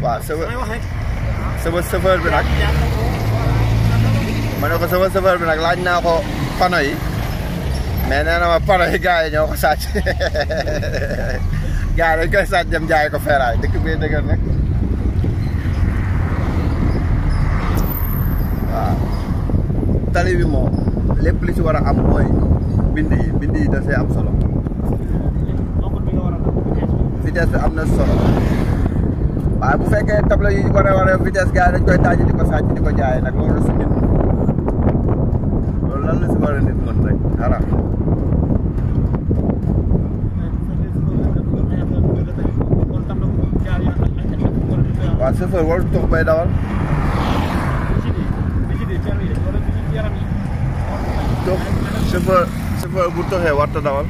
waaw sëfa sëfa sëfër bi nag ma ne ko sëfa sëfër bi nag laaj naa ko pano yi mais nee na ma pano yi ko sàcc gars dañ koy sàcc jaay ko feeraay dëkk bee dëgër nag waaw tali bi moom lépp li ci war a am mooy bind yi bind am na solo waaye bu fekkee tableau yi war a war a vitesse gars koy daaj ko sàcc ko jaayee nag loolu lan la si war a nit mën rek dara waaw chauffeur warul tox dawal tox bu toxee warta dawal